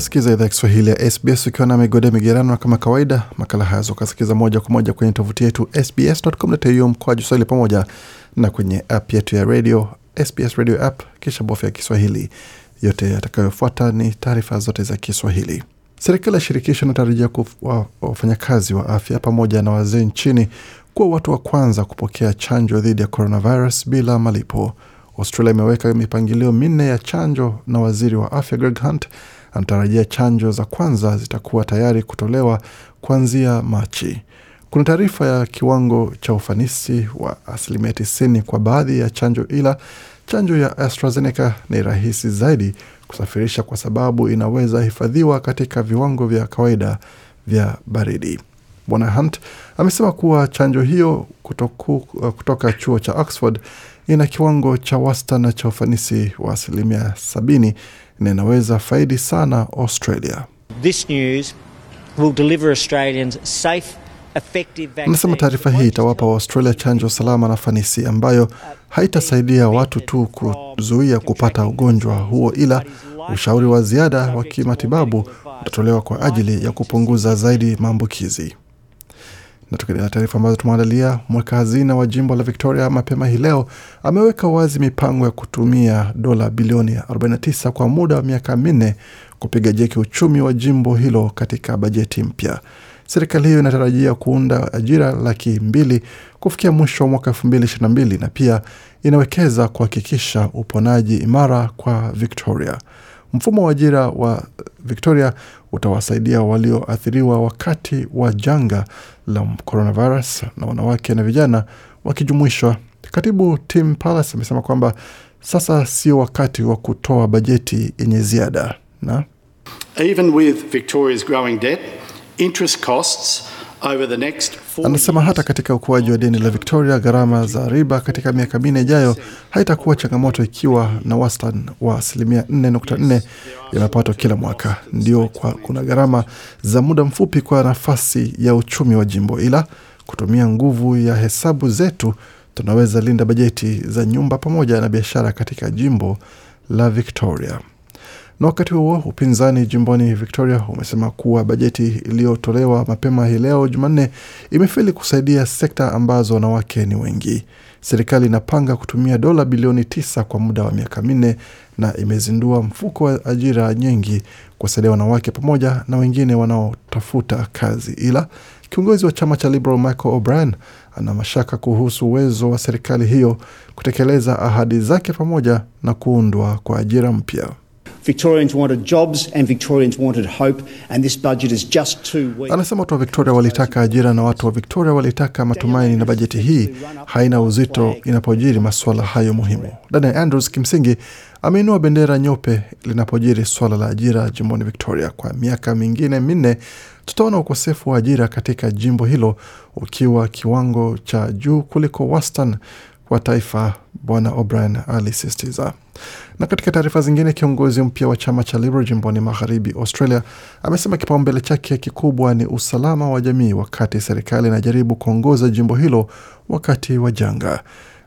kusikiza idhaa ya Kiswahili ya SBS ukiwa na migode migerano, kama kawaida makala hazo ukasikiza moja kwa moja kwenye tovuti yetu sbs.com.au mkoaji swahili pamoja na kwenye app yetu ya radio SBS radio app, kisha bofya ya Kiswahili. Yote yatakayofuata ni taarifa zote za Kiswahili. Serikali ya shirikisho inatarajia wafanyakazi wa afya pamoja na wazee nchini kuwa watu wa kwanza kupokea chanjo dhidi ya coronavirus bila malipo. Australia imeweka mipangilio minne ya chanjo na waziri wa afya Greg Hunt anatarajia chanjo za kwanza zitakuwa tayari kutolewa kuanzia Machi. Kuna taarifa ya kiwango cha ufanisi wa asilimia tisini kwa baadhi ya chanjo, ila chanjo ya AstraZeneca ni rahisi zaidi kusafirisha kwa sababu inaweza hifadhiwa katika viwango vya kawaida vya baridi. Bwana Hunt amesema kuwa chanjo hiyo kutoku, uh, kutoka chuo cha Oxford ina kiwango cha wastani cha ufanisi wa asilimia sabini na inaweza faidi sana Australia. This news will deliver Australians safe Anasema taarifa hii itawapa waustralia chanjo salama na fanisi ambayo haitasaidia watu tu kuzuia kupata ugonjwa huo, ila ushauri wa ziada wa kimatibabu utatolewa kwa ajili ya kupunguza zaidi maambukizi. Na tukiendelea taarifa ambazo tumeandalia, mweka hazina wa jimbo la Victoria mapema hii leo ameweka wazi mipango ya kutumia dola bilioni 49 kwa muda wa miaka minne kupiga jeki uchumi wa jimbo hilo katika bajeti mpya. Serikali hiyo inatarajia kuunda ajira laki mbili kufikia mwisho wa mwaka elfu mbili ishirini na mbili na pia inawekeza kuhakikisha uponaji imara kwa Victoria. Mfumo wa ajira wa Victoria utawasaidia walioathiriwa wakati wa janga la coronavirus na wanawake na vijana wakijumuishwa. Katibu Tim Pallas amesema kwamba sasa sio wakati wa kutoa bajeti yenye ziada na Even with Anasema hata katika ukuaji wa deni la Victoria, gharama za riba katika miaka minne ijayo haitakuwa changamoto ikiwa na wastani wa asilimia 4.4 ya mapato kila mwaka. Ndio kwa kuna gharama za muda mfupi kwa nafasi ya uchumi wa jimbo, ila kutumia nguvu ya hesabu zetu tunaweza linda bajeti za nyumba pamoja na biashara katika jimbo la Victoria. Na wakati huo upinzani jimboni Victoria umesema kuwa bajeti iliyotolewa mapema hii leo Jumanne imefeli kusaidia sekta ambazo wanawake ni wengi. Serikali inapanga kutumia dola bilioni tisa kwa muda wa miaka minne na imezindua mfuko wa ajira nyingi kuwasaidia wanawake pamoja na wengine wanaotafuta kazi, ila kiongozi wa chama cha Liberal Michael O'Brien ana mashaka kuhusu uwezo wa serikali hiyo kutekeleza ahadi zake pamoja na kuundwa kwa ajira mpya. Victorians wanted jobs and Victorians wanted hope and this budget is just too weak. Anasema watu wa Victoria walitaka ajira na watu wa Victoria walitaka matumaini, na bajeti hii haina uzito inapojiri masuala hayo muhimu. Daniel Andrews kimsingi ameinua bendera nyeupe linapojiri swala la ajira jimboni Victoria. Kwa miaka mingine minne tutaona ukosefu wa ajira katika jimbo hilo ukiwa kiwango cha juu kuliko wastani wa taifa Bwana O'Brien alisisitiza. Na katika taarifa zingine, kiongozi mpya wa chama cha Liberal jimboni magharibi Australia amesema kipaumbele chake kikubwa ni usalama wa jamii, wakati serikali inajaribu kuongoza jimbo hilo wakati wa janga.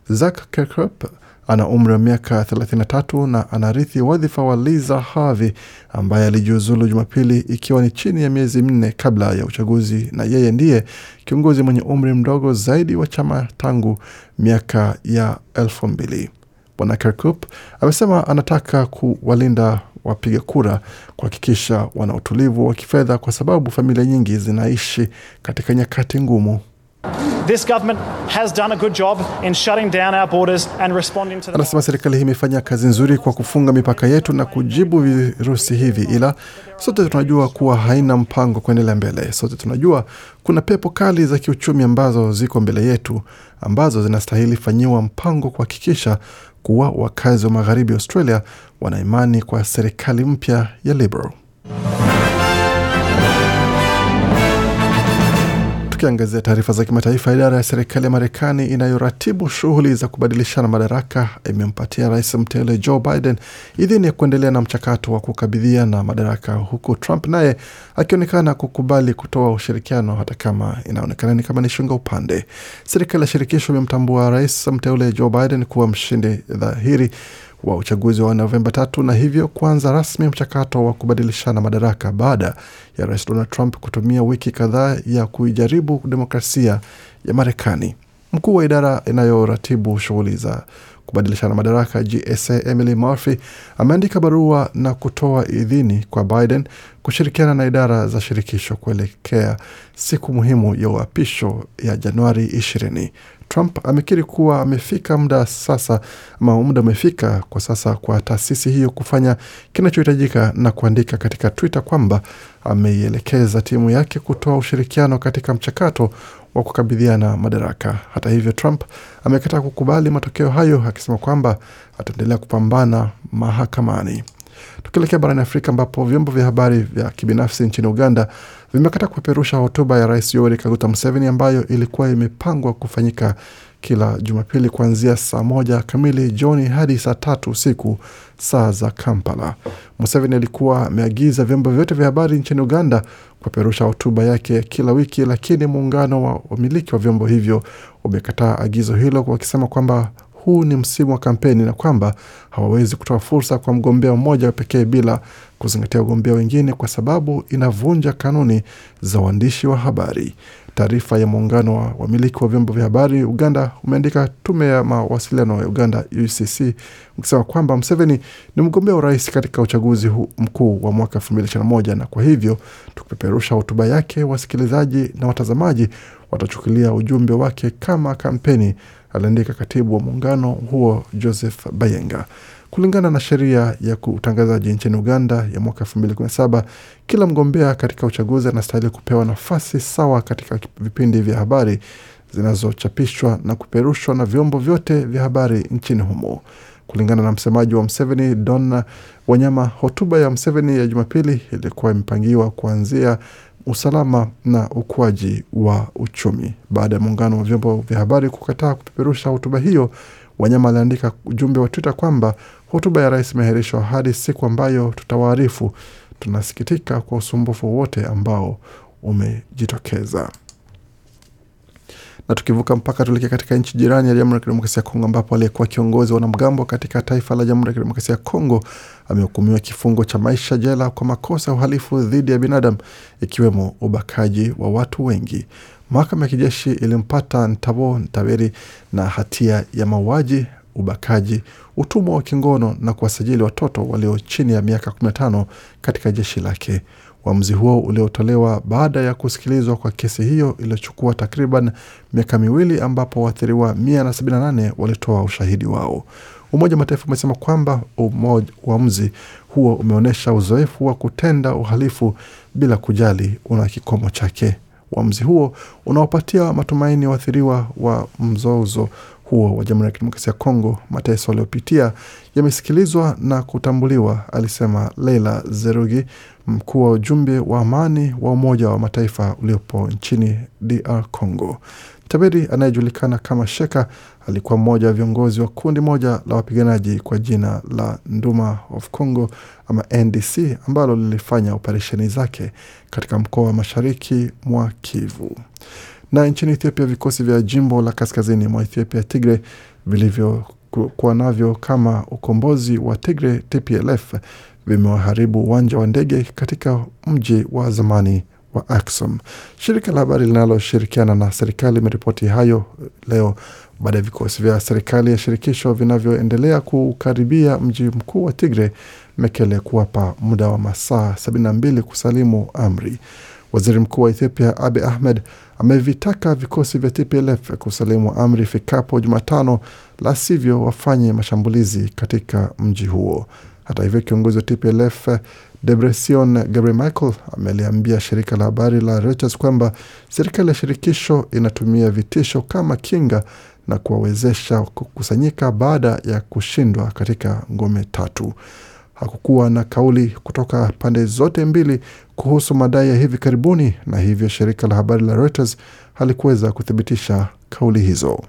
Zak Kirkup ana umri wa miaka 33 na anarithi wadhifa wa Liza Harvey ambaye alijiuzulu Jumapili, ikiwa ni chini ya miezi minne kabla ya uchaguzi, na yeye ndiye kiongozi mwenye umri mdogo zaidi wa chama tangu miaka ya elfu mbili. Bwana Kirkup amesema anataka kuwalinda wapiga kura kuhakikisha wana utulivu wa kifedha kwa sababu familia nyingi zinaishi katika nyakati ngumu. This government has done a good job in shutting down our borders and responding to the... Anasema serikali hii imefanya kazi nzuri kwa kufunga mipaka yetu na kujibu virusi hivi, ila sote tunajua kuwa haina mpango kuendelea mbele. Sote tunajua kuna pepo kali za kiuchumi ambazo ziko mbele yetu ambazo zinastahili fanyiwa mpango kuhakikisha kuwa wakazi wa magharibi Australia wanaimani kwa serikali mpya ya Liberal. Tukiangazia taarifa za kimataifa, idara ya serikali ya Marekani inayoratibu shughuli za kubadilishana madaraka imempatia rais mteule Joe Biden idhini ya kuendelea na mchakato wa kukabidhiana madaraka, huku Trump naye akionekana kukubali kutoa ushirikiano, hata kama inaonekana ni kama ni shunga upande. Serikali ya shirikisho imemtambua rais mteule Joe Biden kuwa mshindi dhahiri wa uchaguzi wa Novemba tatu na hivyo kuanza rasmi mchakato wa kubadilishana madaraka baada ya Rais Donald Trump kutumia wiki kadhaa ya kuijaribu demokrasia ya Marekani. Mkuu wa idara inayoratibu shughuli za kubadilishana madaraka GSA Emily Murphy ameandika barua na kutoa idhini kwa Biden kushirikiana na idara za shirikisho kuelekea siku muhimu ya uapisho ya Januari ishirini. Trump amekiri kuwa amefika muda sasa ama muda umefika kwa sasa kwa taasisi hiyo kufanya kinachohitajika na kuandika katika Twitter kwamba ameielekeza timu yake kutoa ushirikiano katika mchakato wa kukabidhiana madaraka. Hata hivyo, Trump amekataa kukubali matokeo hayo akisema kwamba ataendelea kupambana mahakamani. Tukielekea barani Afrika ambapo vyombo vya habari vya kibinafsi nchini Uganda vimekata kupeperusha hotuba ya Rais Yoweri Kaguta Museveni ambayo ilikuwa imepangwa kufanyika kila Jumapili kuanzia saa moja kamili jioni hadi saa tatu usiku saa za Kampala. Museveni alikuwa ameagiza vyombo vyote vya habari nchini Uganda kupeperusha hotuba yake kila wiki, lakini muungano wa wamiliki wa vyombo hivyo umekataa agizo hilo, wakisema kwamba huu ni msimu wa kampeni na kwamba hawawezi kutoa fursa kwa mgombea mmoja pekee bila kuzingatia wagombea wengine kwa sababu inavunja kanuni za uandishi wa habari. Taarifa ya muungano wa wamiliki wa vyombo vya habari Uganda umeandika tume ya mawasiliano ya Uganda UCC ukisema kwamba Mseveni ni mgombea urais katika uchaguzi mkuu wa mwaka moja na kwa hivyo tukipeperusha hotuba yake, wasikilizaji na watazamaji watachukulia ujumbe wake kama kampeni, aliandika katibu wa muungano huo Joseph Bayenga. Kulingana na sheria ya utangazaji nchini Uganda ya mwaka saba, kila mgombea katika uchaguzi anastahili kupewa nafasi sawa katika vipindi vya habari zinazochapishwa na kuperushwa na vyombo vyote vya habari nchini humo. Kulingana na msemaji wa Mseveni Don Wanyama, hotuba ya Mseveni ya Jumapili ilikuwa imepangiwa kuanzia usalama na ukuaji wa uchumi baada ya muungano wa vyombo vya habari kukataa kupeperusha hotuba hiyo Wanyama aliandika ujumbe wa Twitter kwamba hotuba ya rais imeahirishwa hadi siku ambayo tutawaarifu. Tunasikitika kwa usumbufu wote ambao umejitokeza. Na tukivuka mpaka tuelekea katika nchi jirani ya Jamhuri ya Kidemokrasia ya Kongo, ambapo aliyekuwa kiongozi wa wanamgambo katika taifa la Jamhuri ya Kidemokrasia ya Kongo amehukumiwa kifungo cha maisha jela kwa makosa ya uhalifu dhidi ya binadamu ikiwemo ubakaji wa watu wengi. Mahakama ya kijeshi ilimpata Ntabo Ntaveri na hatia ya mauaji, ubakaji, utumwa wa kingono na kuwasajili watoto walio chini ya miaka 15 katika jeshi lake. Uamuzi huo uliotolewa baada ya kusikilizwa kwa kesi hiyo iliyochukua takriban miaka miwili ambapo waathiriwa 178 walitoa ushahidi wao. Umoja wa Mataifa umesema kwamba uamuzi huo umeonyesha uzoefu wa kutenda uhalifu bila kujali una kikomo chake. Uamuzi huo unaopatia matumaini waathiriwa wa mzozo huo wa Jamhuri ya Kidemokrasia ya Kongo mateso aliyopitia yamesikilizwa na kutambuliwa, alisema Leila Zerugi, mkuu wa ujumbe wa amani wa Umoja wa Mataifa uliopo nchini DR Congo. Taberi anayejulikana kama Sheka alikuwa mmoja wa viongozi wa kundi moja la wapiganaji kwa jina la Nduma of Congo ama NDC ambalo lilifanya operesheni zake katika mkoa wa mashariki mwa Kivu. Na nchini Ethiopia, vikosi vya jimbo la kaskazini mwa Ethiopia Tigre vilivyokuwa navyo kama ukombozi wa Tigre TPLF vimewaharibu uwanja wa ndege katika mji wa zamani wa Axom. Shirika la habari linaloshirikiana na serikali imeripoti hayo leo baada ya vikosi vya serikali ya shirikisho vinavyoendelea kukaribia mji mkuu wa Tigre Mekele kuwapa muda wa masaa 72 kusalimu amri. Waziri Mkuu wa Ethiopia Abi Ahmed amevitaka vikosi vya TPLF kusalimu amri ifikapo Jumatano, la sivyo wafanye mashambulizi katika mji huo. Hata hivyo, kiongozi wa TPLF Gabriel Michael ameliambia shirika la habari la Reuters kwamba serikali ya shirikisho inatumia vitisho kama kinga na kuwawezesha kukusanyika baada ya kushindwa katika ngome tatu. Hakukuwa na kauli kutoka pande zote mbili kuhusu madai ya hivi karibuni, na hivyo shirika la habari la Reuters halikuweza kuthibitisha kauli hizo.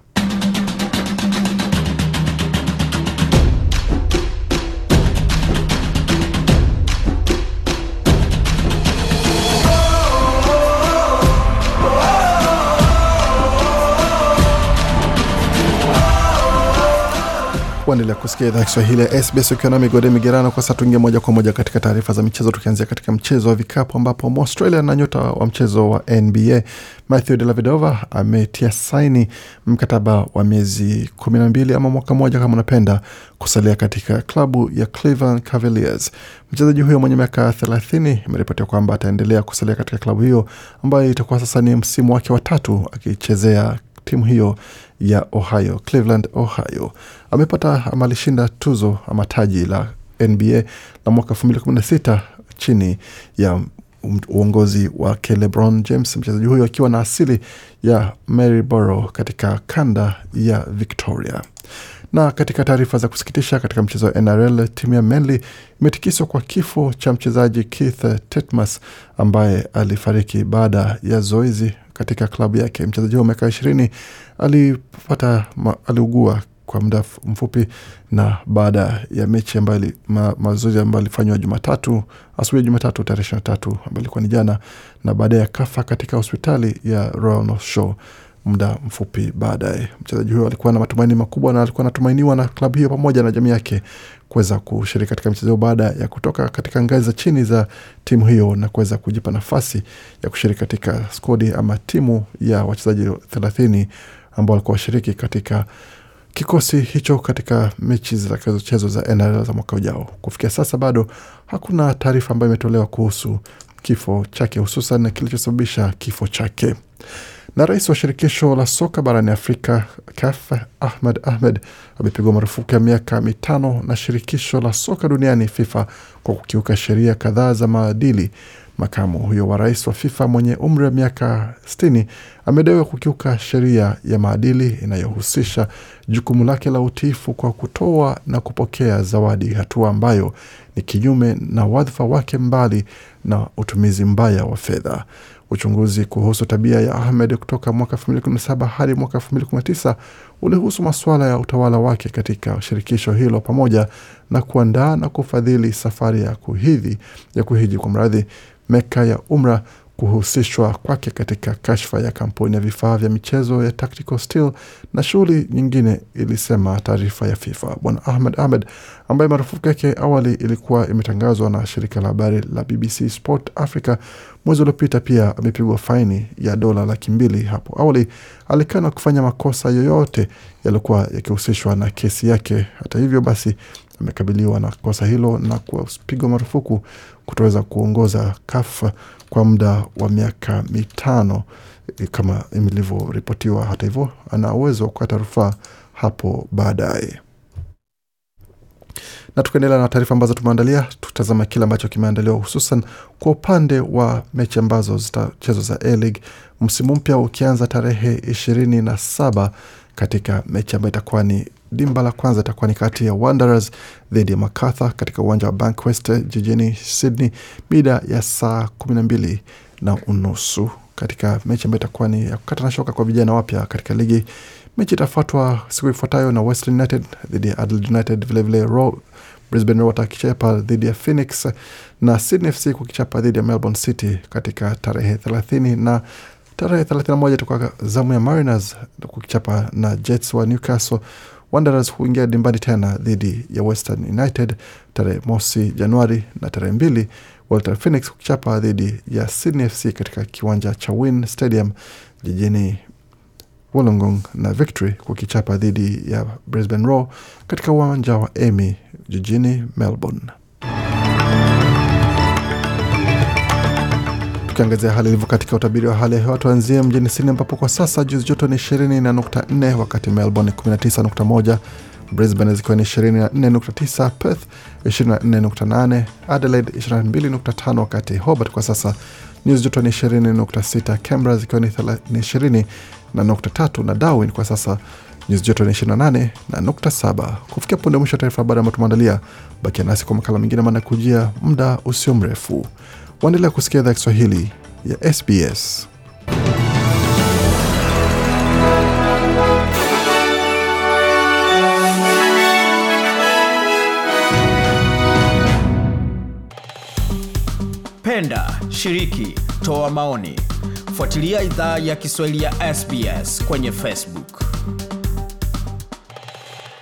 kuendelea kusikia idhaa Kiswahili ya SBS ukiwa na migode migerano. Kwa sasa tuingia moja kwa moja katika taarifa za michezo, tukianzia katika mchezo wa vikapu ambapo Mwaustralia na nyota wa mchezo wa NBA Matthew Dellavedova ametia saini mkataba wa miezi kumi na mbili ama mwaka mmoja kama unapenda kusalia katika klabu ya Cleveland Cavaliers. Mchezaji huyo mwenye miaka thelathini imeripotiwa kwamba ataendelea kusalia katika klabu hiyo ambayo itakuwa sasa ni msimu wake wa tatu akichezea timu hiyo ya Ohio, Cleveland, Ohio. Amepata ama alishinda tuzo ama taji la NBA la mwaka sita chini ya uongozi wake LeBron James, mchezaji huyo akiwa na asili ya Maryborough katika kanda ya Victoria. Na katika taarifa za kusikitisha, katika mchezo wa NRL timu ya Manly imetikiswa kwa kifo cha mchezaji Keith Tetmas ambaye alifariki baada ya zoezi katika klabu yake. Mchezaji wa miaka ishirini alipata aliugua kwa muda mfupi na baada ya mechi ambayo ma, mazoezi ambayo alifanywa Jumatatu asubuhi ya Jumatatu tarehe ishirini na tatu ambayo ilikuwa ni jana, na baadaye akafa katika hospitali ya Royal North Shore muda mfupi baadaye. Mchezaji huyo alikuwa na matumaini makubwa na alikuwa anatumainiwa na klabu hiyo pamoja na jamii yake kuweza kushiriki katika mchezo baada ya kutoka katika ngazi za chini za timu hiyo na kuweza kujipa nafasi ya kushiriki katika skodi ama timu ya wachezaji thelathini ambao walikuwa washiriki katika kikosi hicho katika mechi zitakazochezwa za NRL za mwaka ujao. Kufikia sasa bado hakuna taarifa ambayo imetolewa kuhusu kifo chake, hususan kilichosababisha kifo chake. Na rais wa shirikisho la soka barani Afrika CAF Ahmed Ahmed amepigwa marufuku ya miaka mitano na shirikisho la soka duniani FIFA kwa kukiuka sheria kadhaa za maadili Makamu huyo wa rais wa FIFA mwenye umri wa miaka 60 amedaiwa kukiuka sheria ya maadili inayohusisha jukumu lake la utiifu kwa kutoa na kupokea zawadi, hatua ambayo ni kinyume na wadhifa wake, mbali na utumizi mbaya wa fedha. Uchunguzi kuhusu tabia ya Ahmed kutoka mwaka 2017 hadi mwaka 2019 ulihusu masuala ya utawala wake katika shirikisho hilo pamoja na kuandaa na kufadhili safari ya kuhidhi ya kuhiji kwa mradhi Meka ya Umra kuhusishwa kwake katika kashfa ya kampuni ya vifaa vya michezo ya Tactical Steel na shughuli nyingine, ilisema taarifa ya FIFA. Bwana Ahmed Ahmed, ambaye marufuku yake awali ilikuwa imetangazwa na shirika la habari la BBC Sport Africa mwezi uliopita, pia amepigwa faini ya dola laki mbili. Hapo awali alikana kufanya makosa yoyote yaliyokuwa yakihusishwa na kesi yake. Hata hivyo basi amekabiliwa na kosa hilo na kupigwa marufuku kutoweza kuongoza kafa kwa muda wa miaka mitano eh, kama ilivyoripotiwa. Hata hivyo, ana uwezo wa kukata rufaa hapo baadaye. Na tukaendelea na taarifa ambazo tumeandalia, tutazama kile ambacho kimeandaliwa hususan kwa upande wa mechi ambazo zitachezwa za A-League msimu mpya ukianza tarehe ishirini na saba katika mechi ambayo itakuwa ni dimba la kwanza itakuwa ni kati ya Wanderers dhidi ya Macarthur katika uwanja wa Bankwest jijini Sydney mida ya saa kumi na mbili na unusu katika mechi ambayo itakuwa ni ya kukata na shoka kwa vijana wapya katika ligi. Mechi itafuatwa siku ifuatayo na Western United dhidi ya Adelaide United, vilevile Raw Brisbane watakichapa dhidi ya Phoenix na Sydney FC kukichapa dhidi ya Melbourne City katika tarehe thelathini na tarehe na moja itakuwa zamu ya Mariners kukichapa na Jets wa Newcastle Wanderers huingia dimbani tena dhidi ya Western United tarehe mosi Januari na tarehe mbili Walter Phoenix kuchapa dhidi ya Sydney FC katika kiwanja cha Wynn Stadium jijini Wollongong na Victory kukichapa dhidi ya Brisbane Roar katika uwanja wa Amy jijini Melbourne. Tukiangazia hali ilivyo katika utabiri wa hali ya hewa, tuanzie mjini Sydney ambapo kwa sasa nyuzi joto ni 20.4, wakati Melbourne 19.1, Brisbane zikiwa ni 24.9, Perth 24.8, Adelaide 22.5, wakati Hobart kwa sasa nyuzi joto ni 20.6, Canberra zikiwa ni 20 na na Darwin kwa sasa nyuzi joto ni 28 na nukta saba. Kufikia punde mwisho wa taarifa habari ambayo tumeandalia, bakia nasi kwa makala mengine, maana kujia muda usio mrefu. Waendelea kusikia idhaa Kiswahili ya SBS. Penda, shiriki, toa maoni. Fuatilia idhaa ya Kiswahili ya SBS kwenye Facebook.